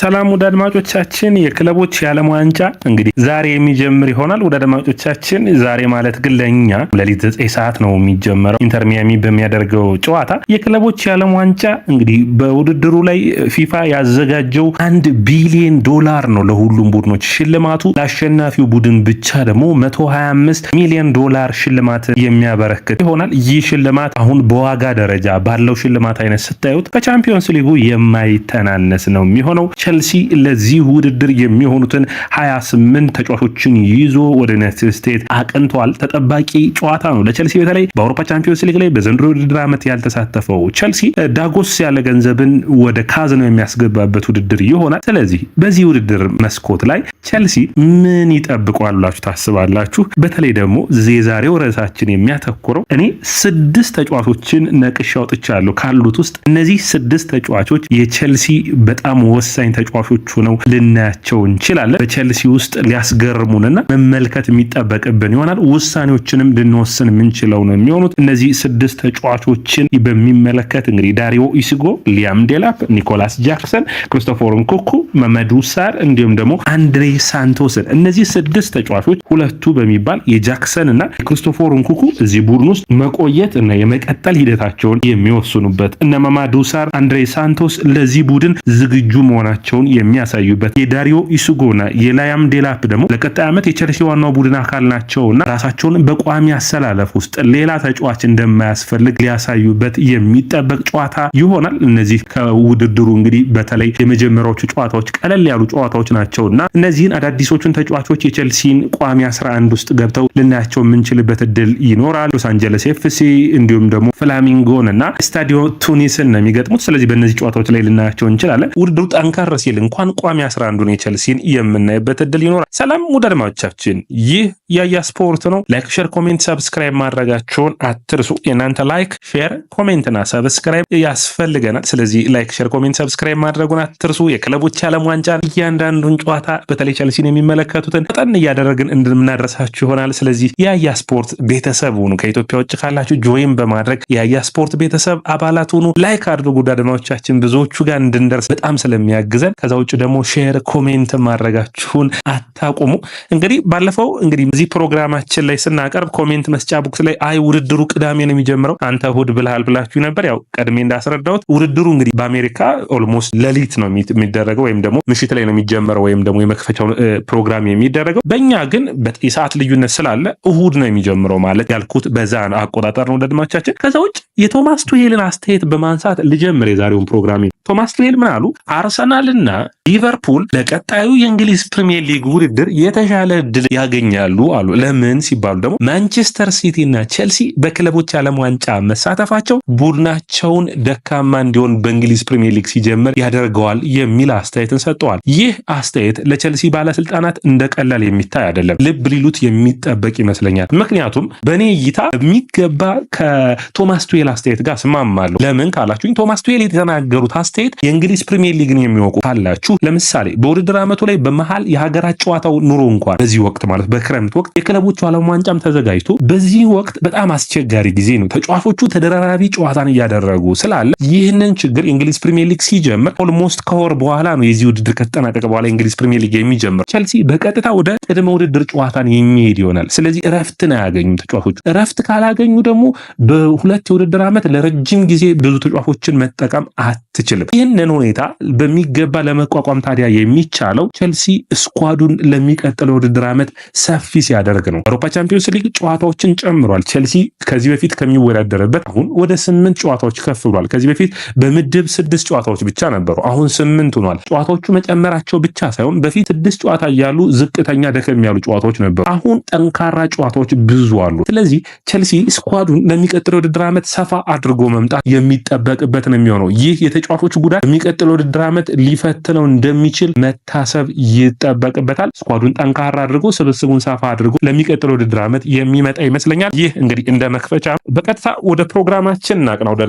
ሰላም ወደ አድማጮቻችን፣ የክለቦች የዓለም ዋንጫ እንግዲህ ዛሬ የሚጀምር ይሆናል። ወደ አድማጮቻችን ዛሬ ማለት ግን ለእኛ ሌሊት ዘጠኝ ሰዓት ነው የሚጀመረው ኢንተር ሚያሚ በሚያደርገው ጨዋታ የክለቦች የዓለም ዋንጫ እንግዲህ በውድድሩ ላይ ፊፋ ያዘጋጀው አንድ ቢሊዮን ዶላር ነው ለሁሉም ቡድኖች ሽልማቱ ለአሸናፊው ቡድን ብቻ ደግሞ 125 ሚሊዮን ዶላር ሽልማት የሚያበረክት ይሆናል። ይህ ሽልማት አሁን በዋጋ ደረጃ ባለው ሽልማት አይነት ስታዩት ከቻምፒዮንስ ሊጉ የማይተናነስ ነው የሚሆነው። ቸልሲ ለዚህ ውድድር የሚሆኑትን 28 ተጫዋቾችን ይዞ ወደ ዩናይትድ ስቴትስ አቅንቷል። ተጠባቂ ጨዋታ ነው ለቸልሲ በተለይ በአውሮፓ ቻምፒዮንስ ሊግ ላይ በዘንድሮ ውድድር ዓመት ያልተሳተፈው ቸልሲ ዳጎስ ያለ ገንዘብን ወደ ካዝነው የሚያስገባበት ውድድር ይሆናል። ስለዚህ በዚህ ውድድር መስኮት ላይ ቸልሲ ምን ይጠብቋል ታስባላችሁ? በተለይ ደግሞ የዛሬው ርዕሳችን የሚያተኩረው እኔ ስድስት ተጫዋቾችን ነቅሻ አውጥቻለሁ ካሉት ውስጥ እነዚህ ስድስት ተጫዋቾች የቸልሲ በጣም ወሳኝ ተጫዋቾች ሆነው ልናያቸው እንችላለን። በቼልሲ ውስጥ ሊያስገርሙንና መመልከት የሚጠበቅብን ይሆናል። ውሳኔዎችንም ልንወስን የምንችለው ነው የሚሆኑት። እነዚህ ስድስት ተጫዋቾችን በሚመለከት እንግዲህ ዳሪዮ ኢሲጎ፣ ሊያም ዴላፕ፣ ኒኮላስ ጃክሰን፣ ክሪስቶፈር ንኩኩ፣ መመዱ ሳር እንዲሁም ደግሞ አንድሬ ሳንቶስን እነዚህ ስድስት ተጫዋቾች ሁለቱ በሚባል የጃክሰን እና የክሪስቶፈር ንኩኩ እዚህ ቡድን ውስጥ መቆየት እና የመቀጠል ሂደታቸውን የሚወስኑበት እነ መማዱ ሳር፣ አንድሬ ሳንቶስ ለዚህ ቡድን ዝግጁ መሆናቸው መሆናቸውን የሚያሳዩበት የዳሪዮ ኢሱጎና የላያም ዴላፕ ደግሞ ለቀጣይ ዓመት የቸልሲ ዋናው ቡድን አካል ናቸውና ራሳቸውን በቋሚ አሰላለፍ ውስጥ ሌላ ተጫዋች እንደማያስፈልግ ሊያሳዩበት የሚጠበቅ ጨዋታ ይሆናል። እነዚህ ከውድድሩ እንግዲህ በተለይ የመጀመሪያዎቹ ጨዋታዎች ቀለል ያሉ ጨዋታዎች ናቸውና እነዚህን አዳዲሶቹን ተጫዋቾች የቸልሲን ቋሚ 11 ውስጥ ገብተው ልናያቸው የምንችልበት እድል ይኖራል። ሎስ አንጀለስ ኤፍሲ እንዲሁም ደግሞ ፍላሚንጎን እና ስታዲዮ ቱኒስን ነው የሚገጥሙት። ስለዚህ በእነዚህ ጨዋታዎች ላይ ልናያቸው እንችላለን። ውድድሩ ጠንካራ ሲል እንኳን ቋሚ 11ን የቸልሲን የምናይበት እድል ይኖራል። ሰላም ውድ አድማጮቻችን፣ ይህ ያያ ስፖርት ነው። ላይክ፣ ሼር፣ ኮሜንት፣ ሰብስክራይብ ማድረጋቸውን አትርሱ። የእናንተ ላይክ፣ ሼር፣ ኮሜንትና ሰብስክራይብ ያስፈልገናል። ስለዚህ ላይክ፣ ሼር፣ ኮሜንት፣ ሰብስክራይብ ማድረጉን አትርሱ። የክለቦች ዓለም ዋንጫን እያንዳንዱን ጨዋታ በተለይ ቸልሲን የሚመለከቱትን ጠን እያደረግን እንድምናደርሳችሁ ይሆናል። ስለዚህ ያያ ስፖርት ቤተሰብ ሁኑ። ከኢትዮጵያ ውጭ ካላችሁ ጆይን በማድረግ ያያ ስፖርት ቤተሰብ አባላት ሁኑ። ላይክ አድርጉ። አድማጮቻችን ብዙዎቹ ጋር እንድንደርስ በጣም ስለሚያግዘ እንላለን። ከዛ ውጭ ደግሞ ሼር ኮሜንት ማድረጋችሁን አታቁሙ። እንግዲህ ባለፈው እንግዲህ እዚህ ፕሮግራማችን ላይ ስናቀርብ ኮሜንት መስጫ ቦክስ ላይ አይ ውድድሩ ቅዳሜ ነው የሚጀምረው አንተ እሁድ ብልሃል ብላችሁ ነበር። ያው ቀድሜ እንዳስረዳሁት ውድድሩ እንግዲህ በአሜሪካ ኦልሞስት ሌሊት ነው የሚደረገው ወይም ደግሞ ምሽት ላይ ነው የሚጀምረው ወይም ደግሞ የመክፈቻው ፕሮግራም የሚደረገው። በእኛ ግን የሰዓት ልዩነት ስላለ እሁድ ነው የሚጀምረው ማለት ያልኩት በዛ አቆጣጠር ነው ወዳድማቻችን። ከዛ ውጭ የቶማስ ቱሄልን አስተያየት በማንሳት ልጀምር የዛሬውን ፕሮግራም ቶማስ ቱሄል ምን አሉ? አርሰናልና ሊቨርፑል ለቀጣዩ የእንግሊዝ ፕሪሚየር ሊግ ውድድር የተሻለ እድል ያገኛሉ አሉ። ለምን ሲባሉ ደግሞ ማንቸስተር ሲቲ እና ቼልሲ በክለቦች ዓለም ዋንጫ መሳተፋቸው ቡድናቸውን ደካማ እንዲሆን በእንግሊዝ ፕሪሚየር ሊግ ሲጀምር ያደርገዋል የሚል አስተያየትን ሰጥተዋል። ይህ አስተያየት ለቼልሲ ባለስልጣናት እንደ ቀላል የሚታይ አይደለም። ልብ ሊሉት የሚጠበቅ ይመስለኛል። ምክንያቱም በእኔ እይታ የሚገባ ከቶማስ ቱሄል አስተያየት ጋር ስማማለሁ። ለምን ካላችሁኝ ቶማስ ቱሄል የተናገሩት አስተያየት የእንግሊዝ ፕሪሚየር ሊግን የሚወቁ ካላችሁ ለምሳሌ በውድድር ዓመቱ ላይ በመሀል የሀገራት ጨዋታው ኑሮ እንኳን በዚህ ወቅት ማለት በክረምት ወቅት የክለቦቹ ዓለም ዋንጫም ተዘጋጅቶ በዚህ ወቅት በጣም አስቸጋሪ ጊዜ ነው። ተጫዋቾቹ ተደራራቢ ጨዋታን እያደረጉ ስላለ ይህንን ችግር የእንግሊዝ ፕሪሚየር ሊግ ሲጀምር ኦልሞስት ከወር በኋላ ነው የዚህ ውድድር ከተጠናቀቀ በኋላ የእንግሊዝ ፕሪሚየር ሊግ የሚጀምር። ቸልሲ በቀጥታ ወደ ቅድመ ውድድር ጨዋታን የሚሄድ ይሆናል። ስለዚህ እረፍትን አያገኙም ተጫዋቾቹ። እረፍት ካላገኙ ደግሞ በሁለት የውድድር ዓመት ለረጅም ጊዜ ብዙ ተጫዋቾችን መጠቀም አትችልም። ያደርጋል። ይህንን ሁኔታ በሚገባ ለመቋቋም ታዲያ የሚቻለው ቸልሲ ስኳዱን ለሚቀጥለው ውድድር ዓመት ሰፊ ሲያደርግ ነው። አውሮፓ ቻምፒዮንስ ሊግ ጨዋታዎችን ጨምሯል። ቸልሲ ከዚህ በፊት ከሚወዳደርበት አሁን ወደ ስምንት ጨዋታዎች ከፍ ብሏል። ከዚህ በፊት በምድብ ስድስት ጨዋታዎች ብቻ ነበሩ፣ አሁን ስምንት ሆኗል። ጨዋታዎቹ መጨመራቸው ብቻ ሳይሆን በፊት ስድስት ጨዋታ እያሉ ዝቅተኛ ደከም ያሉ ጨዋታዎች ነበሩ፣ አሁን ጠንካራ ጨዋታዎች ብዙ አሉ። ስለዚህ ቼልሲ ስኳዱን ለሚቀጥለው ውድድር ዓመት ሰፋ አድርጎ መምጣት የሚጠበቅበት ነው የሚሆነው ይህ የተጫዋቾች የተጫዋቾች ጉዳት የሚቀጥለው ውድድር ዓመት ሊፈትነው እንደሚችል መታሰብ ይጠበቅበታል። ስኳዱን ጠንካራ አድርጎ ስብስቡን ሰፋ አድርጎ ለሚቀጥለው ውድድር ዓመት የሚመጣ ይመስለኛል። ይህ እንግዲህ እንደ መክፈቻ በቀጥታ ወደ ፕሮግራማችን እናቅና። ወደ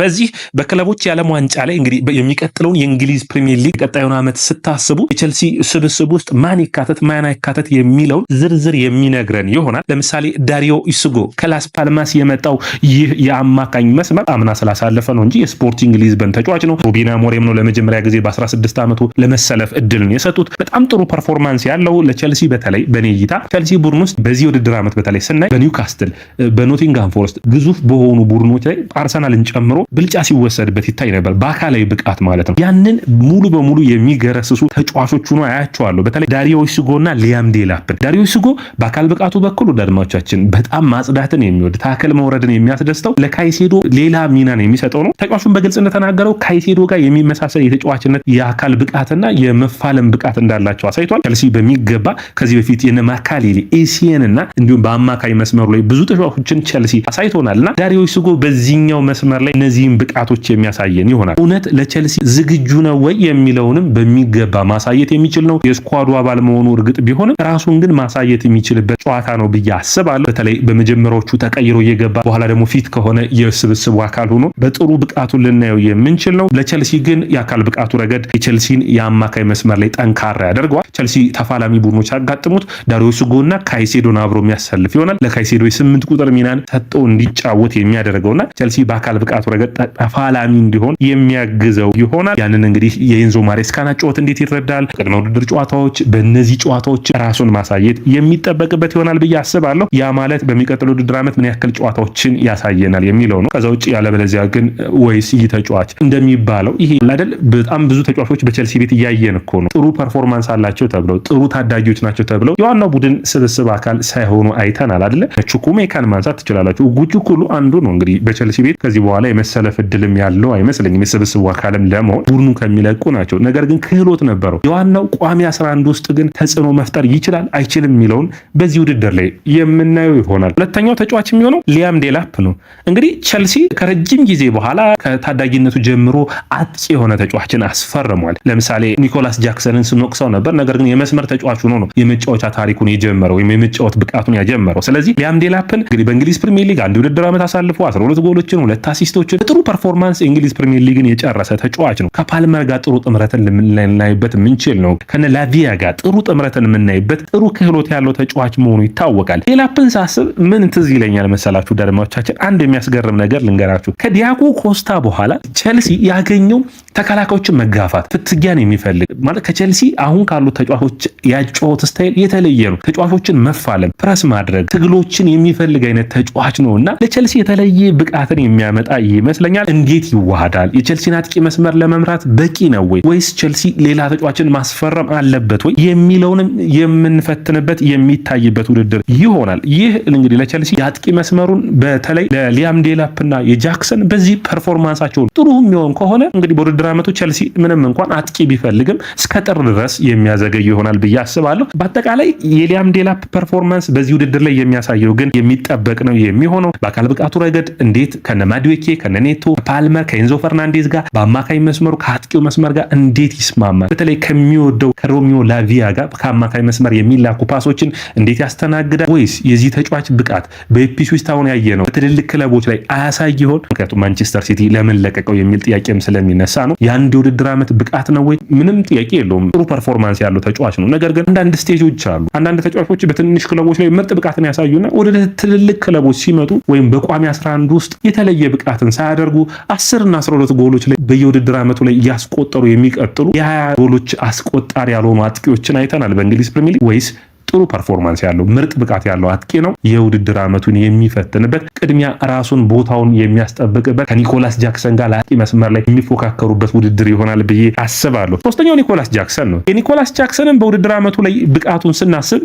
በዚህ በክለቦች የዓለም ዋንጫ ላይ እንግዲህ የሚቀጥለውን የእንግሊዝ ፕሪሚየር ሊግ ቀጣዩን ዓመት ስታስቡ የቼልሲ ስብስብ ውስጥ ማን ይካተት ማን አይካተት የሚለውን ዝርዝር የሚነግረን ይሆናል። ለምሳሌ ዳሪዮ ኢሱጎ ከላስ ፓልማስ የመጣው ይህ የአማካኝ መስመር አምና ስላሳለፈ ነው እንጂ የስፖርቲንግ ሊዝበን ተጫዋች ነው። ሩበን አሞሪም ነው ለመጀመሪያ ጊዜ በ16 ዓመቱ ለመሰለፍ እድልን የሰጡት። በጣም ጥሩ ፐርፎርማንስ ያለው ለቸልሲ በተለይ በኔ እይታ ቸልሲ ቡድን ውስጥ በዚህ ውድድር ዓመት በተለይ ስናይ በኒውካስትል፣ በኖቲንግሃም ፎረስት ግዙፍ በሆኑ ቡድኖች ላይ አርሰናልን ጨምሮ ብልጫ ሲወሰድበት ይታይ ነበር፣ በአካላዊ ብቃት ማለት ነው። ያንን ሙሉ በሙሉ የሚገረስሱ ተጫዋቾች ሆኖ አያቸዋለሁ። በተለይ ዳሪዮ ስጎና ሊያም ዴላፕን። ዳሪዮ ስጎ በአካል ብቃቱ በኩል ወደ በጣም ማጽዳትን የሚወድ ታክል መውረድን የሚያስደስተው ለካይሴዶ ሌላ ሚናን የሚሰጠው ነው። ተጫዋቹን በግልጽ እንደተናገረው ከካይሴዶ ጋር የሚመሳሰል የተጫዋችነት የአካል ብቃትና የመፋለም ብቃት እንዳላቸው አሳይቷል። ቸልሲ በሚገባ ከዚህ በፊት የነ ማካሌሌ ኤሲየን እና እንዲሁም በአማካይ መስመሩ ላይ ብዙ ተጫዋቾችን ቸልሲ አሳይቶናል እና ዳሪዮ ሱጎ በዚህኛው መስመር ላይ እነዚህም ብቃቶች የሚያሳየን ይሆናል። እውነት ለቸልሲ ዝግጁ ነው ወይ የሚለውንም በሚገባ ማሳየት የሚችል ነው። የስኳዱ አባል መሆኑ እርግጥ ቢሆንም ራሱን ግን ማሳየት የሚችልበት ጨዋታ ነው ብዬ አስባለሁ። በተለይ በመጀመሪያዎቹ ተቀይሮ እየገባ በኋላ ደግሞ ፊት ከሆነ የስብስቡ አካል ሆኖ በጥሩ ብቃቱን ልናየው የምንችል ነው። ነው። ለቸልሲ ግን የአካል ብቃቱ ረገድ የቸልሲን የአማካይ መስመር ላይ ጠንካራ ያደርገዋል። ቸልሲ ተፋላሚ ቡድኖች ያጋጥሙት ዳሪዮስ ጎና ካይሴዶን አብሮ የሚያሰልፍ ይሆናል። ለካይሴዶ የስምንት ቁጥር ሚናን ሰጠው እንዲጫወት የሚያደርገውና ቸልሲ በአካል ብቃቱ ረገድ ተፋላሚ እንዲሆን የሚያግዘው ይሆናል። ያንን እንግዲህ የኤንዞ ማሬስካና ጨዋታ እንዴት ይረዳል፣ ቅድመ ውድድር ጨዋታዎች፣ በእነዚህ ጨዋታዎች ራሱን ማሳየት የሚጠበቅበት ይሆናል ብዬ አስባለሁ። ያ ማለት በሚቀጥለው ውድድር ዓመት ምን ያክል ጨዋታዎችን ያሳየናል የሚለው ነው። ከዛ ውጭ ያለበለዚያ ግን ወይስ ይህ ተጫዋች እንደሚ የሚባለው ይሄ አይደል? በጣም ብዙ ተጫዋቾች በቸልሲ ቤት እያየን እኮ ነው። ጥሩ ፐርፎርማንስ አላቸው ተብለው ጥሩ ታዳጊዎች ናቸው ተብለው የዋናው ቡድን ስብስብ አካል ሳይሆኑ አይተናል አይደለ? ቹኩሜካን ማንሳት ትችላላችሁ። ጉጁኩሉ አንዱ ነው እንግዲህ በቸልሲ ቤት ከዚህ በኋላ የመሰለፍ እድልም ያለው አይመስለኝም። የስብስቡ አካልም ለመሆን ቡድኑ ከሚለቁ ናቸው። ነገር ግን ክህሎት ነበረው። የዋናው ቋሚ 11 ውስጥ ግን ተጽዕኖ መፍጠር ይችላል አይችልም የሚለውን በዚህ ውድድር ላይ የምናየው ይሆናል። ሁለተኛው ተጫዋች የሚሆነው ሊያም ዴላፕ ነው። እንግዲህ ቸልሲ ከረጅም ጊዜ በኋላ ከታዳጊነቱ ጀምሮ አጥቂ የሆነ ተጫዋችን አስፈርሟል። ለምሳሌ ኒኮላስ ጃክሰንን ስንወቅሰው ነበር። ነገር ግን የመስመር ተጫዋች ሆኖ ነው የመጫወቻ ታሪኩን የጀመረው ወይም የመጫወት ብቃቱን ያጀመረው። ስለዚህ ሊያም ዴላፕን እንግዲህ በእንግሊዝ ፕሪሚየር ሊግ አንድ ውድድር ዓመት አሳልፎ 12 ጎሎችን፣ ሁለት አሲስቶችን ጥሩ ፐርፎርማንስ የእንግሊዝ ፕሪሚየር ሊግን የጨረሰ ተጫዋች ነው። ከፓልመር ጋር ጥሩ ጥምረትን ልናይበት የምንችል ነው። ከነ ላቪያ ጋር ጥሩ ጥምረትን የምናይበት ጥሩ ክህሎት ያለው ተጫዋች መሆኑ ይታወቃል። ዴላፕን ሳስብ ምን ትዝ ይለኛል መሰላችሁ? ደርማዎቻችን አንድ የሚያስገርም ነገር ልንገራችሁ። ከዲያጎ ኮስታ በኋላ ቼልሲ ያገኘው ተከላካዮችን መጋፋት ፍትጊያን የሚፈልግ ማለት ከቼልሲ አሁን ካሉ ተጫዋቾች ያጫወት ስታይል የተለየ ነው። ተጫዋቾችን መፋለም፣ ፕረስ ማድረግ፣ ትግሎችን የሚፈልግ አይነት ተጫዋች ነው እና ለቼልሲ የተለየ ብቃትን የሚያመጣ ይመስለኛል። እንዴት ይዋሃዳል? የቼልሲን አጥቂ መስመር ለመምራት በቂ ነው ወይ ወይስ ቼልሲ ሌላ ተጫዋችን ማስፈረም አለበት ወይ የሚለውንም የምንፈትንበት የሚታይበት ውድድር ይሆናል። ይህ እንግዲህ ለቼልሲ የአጥቂ መስመሩን በተለይ ለሊያም ዴላፕና የጃክሰን በዚህ ፐርፎርማንሳቸውን ጥሩ የሚሆን ከሆነ እንግዲህ በውድድር ዓመቱ ቸልሲ ምንም እንኳን አጥቂ ቢፈልግም እስከ ጥር ድረስ የሚያዘገይ ይሆናል ብዬ አስባለሁ። በአጠቃላይ የሊያም ዴላፕ ፐርፎርማንስ በዚህ ውድድር ላይ የሚያሳየው ግን የሚጠበቅ ነው የሚሆነው። በአካል ብቃቱ ረገድ እንዴት ከነ ማድዌኬ ከነ ኔቶ ፓልመር ከኤንዞ ፈርናንዴዝ ጋር በአማካኝ መስመሩ ከአጥቂው መስመር ጋር እንዴት ይስማማል? በተለይ ከሚወደው ከሮሚዮ ላቪያ ጋር ከአማካኝ መስመር የሚላኩ ፓሶችን እንዴት ያስተናግዳል? ወይስ የዚህ ተጫዋች ብቃት በኤፒስ ውስጥ ያየ ነው በትልልቅ ክለቦች ላይ አያሳይ ይሆን? ምክንያቱም ማንቸስተር ሲቲ ለምን ለቀቀው የሚል ጥያቄ ጥያቄም ስለሚነሳ ነው። የአንድ የውድድር ዓመት ብቃት ነው ወይ? ምንም ጥያቄ የለውም። ጥሩ ፐርፎርማንስ ያለው ተጫዋች ነው። ነገር ግን አንዳንድ ስቴጆች አሉ። አንዳንድ ተጫዋቾች በትንሽ ክለቦች ላይ ምርጥ ብቃትን ያሳዩና ወደ ትልልቅ ክለቦች ሲመጡ ወይም በቋሚ 11 ውስጥ የተለየ ብቃትን ሳያደርጉ 10 እና 12 ጎሎች ላይ በየውድድር ዓመቱ ላይ እያስቆጠሩ የሚቀጥሉ የ20 ጎሎች አስቆጣሪ ያልሆኑ አጥቂዎችን አይተናል በእንግሊዝ ፕሪሚየር ሊግ ወይስ ጥሩ ፐርፎርማንስ ያለው ምርጥ ብቃት ያለው አጥቂ ነው። የውድድር ዓመቱን የሚፈትንበት ቅድሚያ ራሱን ቦታውን የሚያስጠብቅበት ከኒኮላስ ጃክሰን ጋር ለአጥቂ መስመር ላይ የሚፎካከሩበት ውድድር ይሆናል ብዬ አስባለሁ። ሶስተኛው ኒኮላስ ጃክሰን ነው። የኒኮላስ ጃክሰንን በውድድር ዓመቱ ላይ ብቃቱን ስናስብ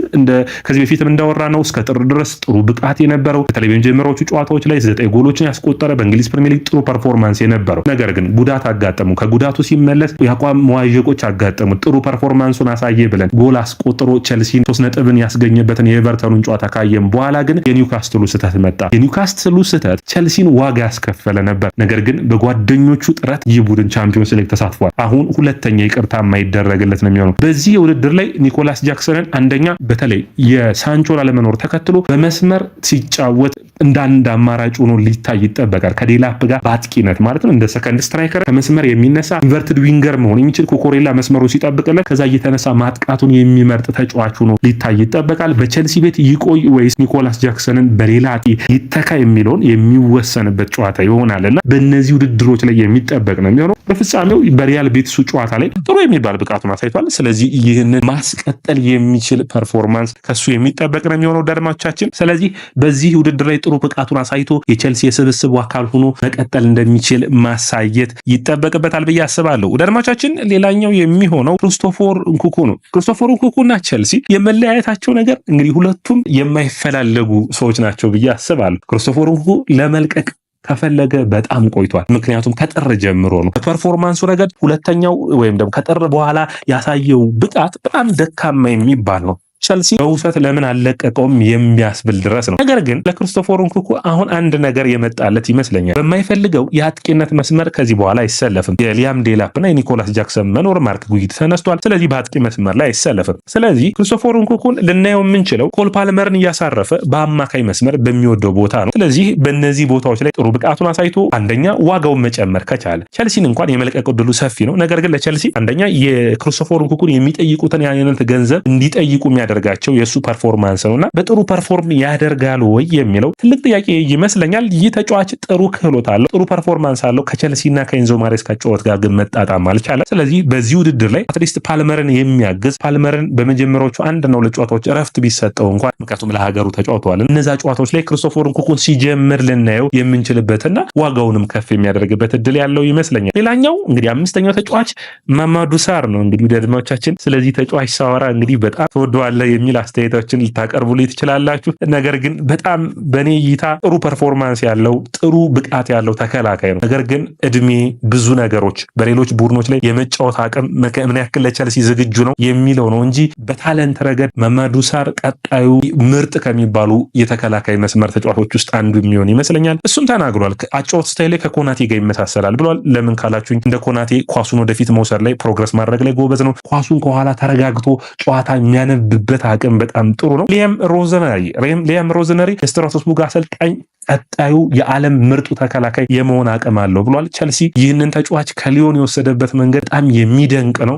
ከዚህ በፊትም እንዳወራ ነው እስከ ጥር ድረስ ጥሩ ብቃት የነበረው በተለይ በመጀመሪያዎቹ ጨዋታዎች ላይ ዘጠኝ ጎሎችን ያስቆጠረ በእንግሊዝ ፕሪሚየር ሊግ ጥሩ ፐርፎርማንስ የነበረው ነገር ግን ጉዳት አጋጠሙ። ከጉዳቱ ሲመለስ የአቋም መዋዠቆች አጋጠሙ። ጥሩ ፐርፎርማንሱን አሳየ ብለን ጎል አስቆጥሮ ቸልሲን ሶስት ነጥብ ነጥብን ያስገኘበትን የኤቨርተኑን ጨዋታ ካየም በኋላ ግን የኒውካስትሉ ስህተት መጣ። የኒውካስትሉ ስህተት ቸልሲን ዋጋ ያስከፈለ ነበር። ነገር ግን በጓደኞቹ ጥረት ይህ ቡድን ቻምፒዮንስ ሊግ ተሳትፏል። አሁን ሁለተኛ ይቅርታ የማይደረግለት ነው የሚሆነው። በዚህ የውድድር ላይ ኒኮላስ ጃክሰንን አንደኛ በተለይ የሳንቾ ላለመኖር ተከትሎ በመስመር ሲጫወት እንደ አንድ አማራጭ ሆኖ ሊታይ ይጠበቃል። ከዴላፕ ጋር በአጥቂነት ማለት ነው እንደ ሰከንድ ስትራይከር ከመስመር የሚነሳ ኢንቨርትድ ዊንገር መሆን የሚችል ኮኮሬላ መስመሩ ሲጠብቅለት ከዛ እየተነሳ ማጥቃቱን የሚመርጥ ተጫዋች ሆኖ ሊታይ ይጠበቃል። በቸልሲ ቤት ይቆይ ወይስ ኒኮላስ ጃክሰንን በሌላ ጢ ይተካ የሚለውን የሚወሰንበት ጨዋታ ይሆናል እና በእነዚህ ውድድሮች ላይ የሚጠበቅ ነው የሚሆነው። በፍጻሜው በሪያል ቤቲሱ ጨዋታ ላይ ጥሩ የሚባል ብቃቱን አሳይቷል። ስለዚህ ይህንን ማስቀጠል የሚችል ፐርፎርማንስ ከሱ የሚጠበቅ ነው የሚሆነው ደድማቻችን። ስለዚህ በዚህ ውድድር ላይ ጥሩ ብቃቱን አሳይቶ የቼልሲ የስብስቡ አካል ሆኖ መቀጠል እንደሚችል ማሳየት ይጠበቅበታል ብዬ አስባለሁ። ደድማቻችን ሌላኛው የሚሆነው ክርስቶፎር እንኩኩ ነው። ክርስቶፎር እንኩኩ እና ቼልሲ የመለያየታቸው ነገር እንግዲህ ሁለቱም የማይፈላለጉ ሰዎች ናቸው ብዬ አስባለሁ። ክርስቶፎር እንኩኩ ለመልቀቅ ከፈለገ በጣም ቆይቷል። ምክንያቱም ከጥር ጀምሮ ነው። በፐርፎርማንሱ ረገድ ሁለተኛው ወይም ደግሞ ከጥር በኋላ ያሳየው ብቃት በጣም ደካማ የሚባል ነው። ቸልሲ በውሰት ለምን አለቀቀውም የሚያስብል ድረስ ነው። ነገር ግን ለክሪስቶፈር ኩኩ አሁን አንድ ነገር የመጣለት ይመስለኛል። በማይፈልገው የአጥቂነት መስመር ከዚህ በኋላ አይሰለፍም። የሊያም ዴላፕ እና የኒኮላስ ጃክሰን መኖር ማርክ ጉሂት ተነስቷል። ስለዚህ በአጥቂ መስመር ላይ አይሰለፍም። ስለዚህ ክሪስቶፈር ንኩኩን ልናየው የምንችለው ኮል ፓልመርን እያሳረፈ በአማካይ መስመር በሚወደው ቦታ ነው። ስለዚህ በእነዚህ ቦታዎች ላይ ጥሩ ብቃቱን አሳይቶ አንደኛ ዋጋውን መጨመር ከቻለ ቸልሲን እንኳን የመልቀቅ ዕድሉ ሰፊ ነው። ነገር ግን ለቸልሲ አንደኛ የክሪስቶፈር ንኩኩን የሚጠይቁትን የአይነት ገንዘብ እንዲጠይቁ የሚያደ የሚያደርጋቸው የእሱ ፐርፎርማንስ ነው እና በጥሩ ፐርፎርም ያደርጋሉ ወይ የሚለው ትልቅ ጥያቄ ይመስለኛል። ይህ ተጫዋች ጥሩ ክህሎት አለው፣ ጥሩ ፐርፎርማንስ አለው። ከቸልሲና ከኢንዞ ማሬስካ ጨዋታ ጋር ግን መጣጣም አልቻለም። ስለዚህ በዚህ ውድድር ላይ አትሊስት ፓልመርን የሚያግዝ ፓልመርን በመጀመሪያዎቹ አንድ ነው ጨዋታዎች እረፍት ቢሰጠው እንኳን ምክንያቱም ለሀገሩ ተጫውተዋል። እነዛ ጨዋታዎች ላይ ክርስቶፎር ንኩኩን ሲጀምር ልናየው የምንችልበትና ዋጋውንም ከፍ የሚያደርግበት እድል ያለው ይመስለኛል። ሌላኛው እንግዲህ አምስተኛው ተጫዋች ማማዱ ሳር ነው። እንግዲህ ደድማዎቻችን ስለዚህ ተጫዋች ሳወራ እንግዲህ በጣም ተወደዋለ አለ የሚል አስተያየቶችን ልታቀርቡልኝ ትችላላችሁ። ነገር ግን በጣም በእኔ እይታ ጥሩ ፐርፎርማንስ ያለው ጥሩ ብቃት ያለው ተከላካይ ነው። ነገር ግን እድሜ ብዙ ነገሮች በሌሎች ቡድኖች ላይ የመጫወት አቅም ምን ያክል ለቸልሲ ዝግጁ ነው የሚለው ነው እንጂ በታለንት ረገድ ማማዱ ሳር ቀጣዩ ምርጥ ከሚባሉ የተከላካይ መስመር ተጫዋቾች ውስጥ አንዱ የሚሆን ይመስለኛል። እሱም ተናግሯል። አጫወት ስታይል ላይ ከኮናቴ ጋር ይመሳሰላል ብሏል። ለምን ካላችሁ እንደ ኮናቴ ኳሱን ወደፊት መውሰድ ላይ ፕሮግረስ ማድረግ ላይ ጎበዝ ነው። ኳሱን ከኋላ ተረጋግቶ ጨዋታ የሚያነብበት የሚችልበት አቅም በጣም ጥሩ ነው። ሊያም ሮዘነሪ ሊያም ሮዘነሪ የስትራስቡርግ አሰልጣኝ ቀጣዩ የዓለም ምርጡ ተከላካይ የመሆን አቅም አለው ብሏል። ቸልሲ ይህንን ተጫዋች ከሊዮን የወሰደበት መንገድ በጣም የሚደንቅ ነው።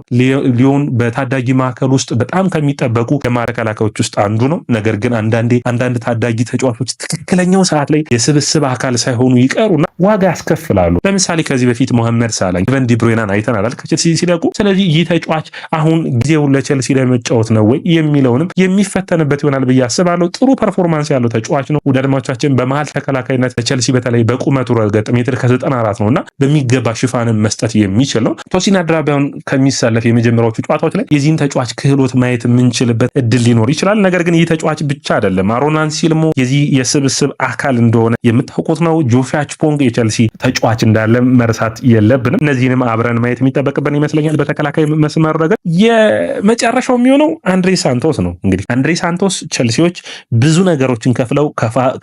ሊዮን በታዳጊ ማዕከል ውስጥ በጣም ከሚጠበቁ የማተከላካዮች ውስጥ አንዱ ነው። ነገር ግን አንዳንዴ አንዳንድ ታዳጊ ተጫዋቾች ትክክለኛው ሰዓት ላይ የስብስብ አካል ሳይሆኑ ይቀሩና ዋጋ ያስከፍላሉ። ለምሳሌ ከዚህ በፊት መሐመድ ሳላህ፣ ቨን ዲብሮይናን አይተናል ከቸልሲ ሲለቁ። ስለዚህ ይህ ተጫዋች አሁን ጊዜውን ለቸልሲ ለመጫወት ነው ወይ የሚለውንም የሚፈተንበት ይሆናል ብዬ አስባለሁ። ጥሩ ፐርፎርማንስ ያለው ተጫዋች ነው። ውድ አድማጮቻችን በመሀል ተከላካይነት ቸልሲ በተለይ በቁመቱ ረገጥ ሜትር ከ94 ነው እና በሚገባ ሽፋንን መስጠት የሚችል ነው። ቶሲን አድራቢያን ከሚሰለፍ የመጀመሪያዎቹ ጨዋታዎች ላይ የዚህን ተጫዋች ክህሎት ማየት የምንችልበት እድል ሊኖር ይችላል። ነገር ግን ይህ ተጫዋች ብቻ አይደለም። አሮን አንሴልሞ የዚህ የስብስብ አካል እንደሆነ የምታውቁት ነው። ጆፊያ ችፖንግ የቸልሲ ተጫዋች እንዳለ መርሳት የለብንም። እነዚህንም አብረን ማየት የሚጠበቅብን ይመስለኛል። በተከላካይ መስመር ረገድ የመጨረሻው የሚሆነው አንድሬ ሳንቶስ ነው። እንግዲህ አንድሬ ሳንቶስ ቸልሲዎች ብዙ ነገሮችን ከፍለው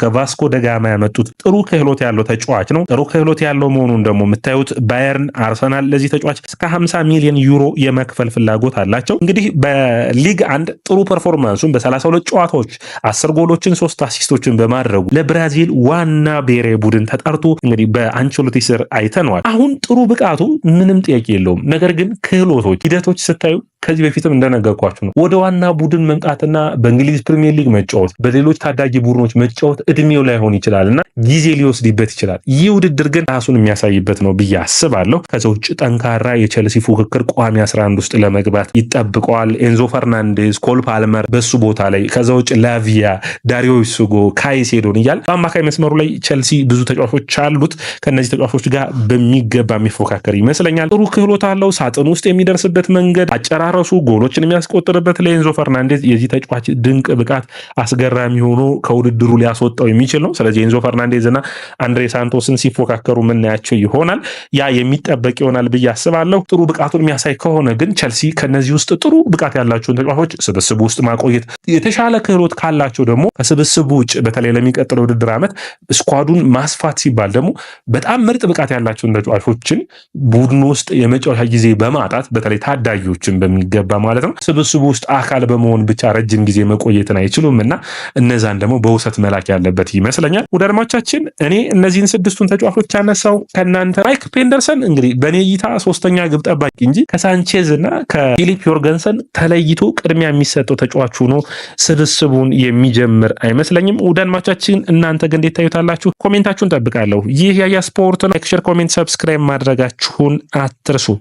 ከቫስኮ ደጋ ዓላማ ያመጡት ጥሩ ክህሎት ያለው ተጫዋች ነው። ጥሩ ክህሎት ያለው መሆኑን ደግሞ የምታዩት ባየርን፣ አርሰናል ለዚህ ተጫዋች እስከ 50 ሚሊዮን ዩሮ የመክፈል ፍላጎት አላቸው። እንግዲህ በሊግ አንድ ጥሩ ፐርፎርማንሱን በ32 ጨዋታዎች 10 ጎሎችን፣ 3 አሲስቶችን በማድረጉ ለብራዚል ዋና ብሔራዊ ቡድን ተጠርቶ እንግዲህ በአንቸሎቲ ስር አይተነዋል። አሁን ጥሩ ብቃቱ ምንም ጥያቄ የለውም። ነገር ግን ክህሎቶች፣ ሂደቶች ስታዩ ከዚህ በፊትም እንደነገርኳችሁ ነው። ወደ ዋና ቡድን መምጣትና በእንግሊዝ ፕሪሚየር ሊግ መጫወት፣ በሌሎች ታዳጊ ቡድኖች መጫወት እድሜው ላይሆን ይችላል እና ጊዜ ሊወስድበት ይችላል። ይህ ውድድር ግን ራሱን የሚያሳይበት ነው ብዬ አስባለሁ። ከዚ ውጭ ጠንካራ የቸልሲ ፉክክር ቋሚ 11 ውስጥ ለመግባት ይጠብቀዋል። ኤንዞ ፈርናንዴዝ፣ ኮል ፓልመር በሱ ቦታ ላይ ከዛ ውጭ ላቪያ፣ ዳሪዮ ሱጎ፣ ካይሴዶን እያል በአማካይ መስመሩ ላይ ቸልሲ ብዙ ተጫዋቾች አሉት። ከእነዚህ ተጫዋቾች ጋር በሚገባ የሚፎካከር ይመስለኛል። ጥሩ ክህሎት አለው። ሳጥን ውስጥ የሚደርስበት መንገድ አጨራ የሚጫረሱ ጎሎችን የሚያስቆጥርበት ለኤንዞ ፈርናንዴዝ የዚህ ተጫዋች ድንቅ ብቃት አስገራሚ ሆኖ ከውድድሩ ሊያስወጣው የሚችል ነው። ስለዚህ ኤንዞ ፈርናንዴዝ እና አንድሬ ሳንቶስን ሲፎካከሩ የምናያቸው ይሆናል። ያ የሚጠበቅ ይሆናል ብዬ አስባለሁ። ጥሩ ብቃቱን የሚያሳይ ከሆነ ግን ቸልሲ ከነዚህ ውስጥ ጥሩ ብቃት ያላቸውን ተጫዋቾች ስብስቡ ውስጥ ማቆየት የተሻለ ክህሎት ካላቸው ደግሞ ከስብስቡ ውጭ በተለይ ለሚቀጥለው ውድድር ዓመት ስኳዱን ማስፋት ሲባል ደግሞ በጣም ምርጥ ብቃት ያላቸውን ተጫዋቾችን ቡድኑ ውስጥ የመጫወቻ ጊዜ በማጣት በተለይ ታዳጊዎችን በሚ የሚገባ ማለት ነው። ስብስቡ ውስጥ አካል በመሆን ብቻ ረጅም ጊዜ መቆየትን አይችሉም እና እነዛን ደግሞ በውሰት መላክ ያለበት ይመስለኛል። ውድ አድማቻችን እኔ እነዚህን ስድስቱን ተጫዋቾች ያነሳው ከእናንተ ማይክ ፔንደርሰን እንግዲህ በእኔ እይታ ሶስተኛ ግብ ጠባቂ እንጂ ከሳንቼዝ እና ከፊሊፕ ዮርገንሰን ተለይቶ ቅድሚያ የሚሰጠው ተጫዋች ሆኖ ስብስቡን የሚጀምር አይመስለኝም። ውድ አድማቻችን እናንተ ግን እንዴት ታዩታላችሁ? ኮሜንታችሁን ጠብቃለሁ። ይህ ያያ ስፖርት ነው። ሼር፣ ኮሜንት፣ ሰብስክራይብ ማድረጋችሁን አትርሱ።